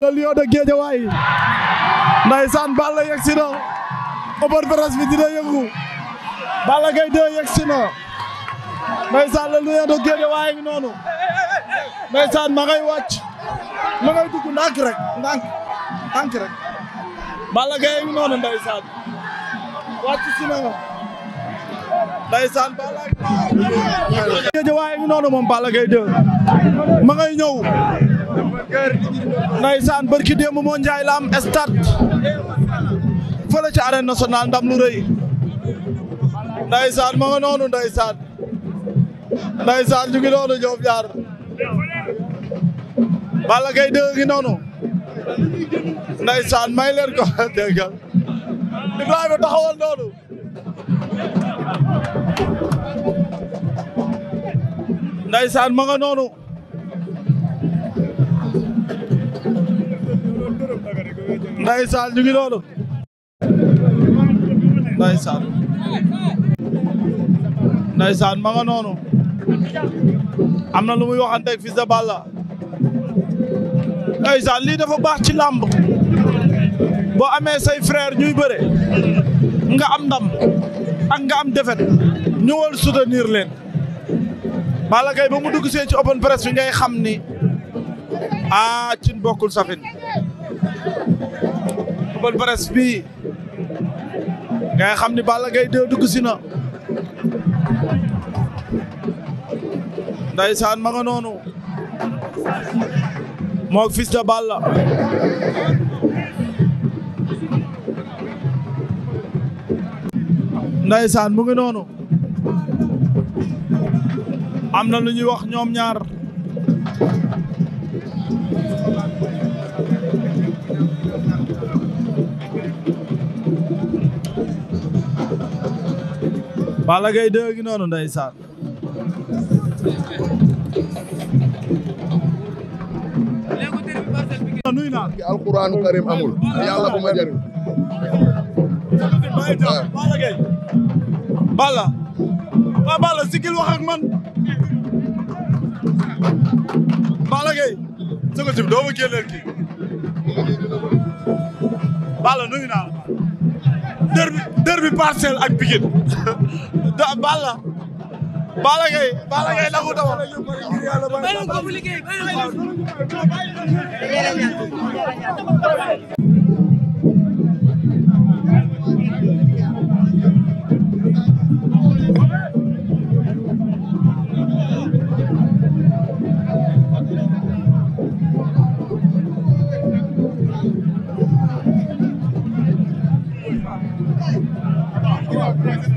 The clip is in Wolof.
le lion de Guédiawaye ndaysaan Balla yegsi na open press bi dina yëngu Balla Gaye 2 yegsi na ndaysaan le lion de Guédiawaye ngi noonu ndaysaan ma ngay wàcc ma ngay dugg ndànk rek ndànk ndànk rek Balla Gaye ngi noonu ndaysaan wàcc si na ndaysaan barki démb moo njaay la am stade fële ci ndam lu rëy ndaysaan ma nga noonu ndaysaan ndaysaan ñu ngi noonu ñoom ñaar Balla Gaye dëgg ngi noonu ndaysaan may leen ko déggal Ibrahima taxawal noonu ndaysaan ma nga noonu ndeysaan ñu ngi loolu ndeysaan ndeysaan ma nga am na lu muy waxanteeg Fils de Balla ndeysaan lii dafa baax ci làmb boo amee say frère ñuy bëre nga am ndam ak nga am defet ñëwal soutenir leen Balla Gaye ba mu dugg see ci open press bi ngay xam ni ah cin bokkul safin open press bi ngay xam ni Balla Gaye 2 dugg si na ndaysaan ma nga noonu moog fils de Balla ndaysaan mu ngi am na lu ñuy wax ñoom ñaar Balla Gaye 2 noonu ndeysaan nuy naa alquraanu karim amul yàlla bu ma jariñ Balla Gaye Balla waa sikil wax man Balla Gaye soko tib doo ma génneel kii Balla nuy naa derbi derby Parcelles ak Pikine da Balla Balla Gaye Balla Gaye nangu dawal Thank you.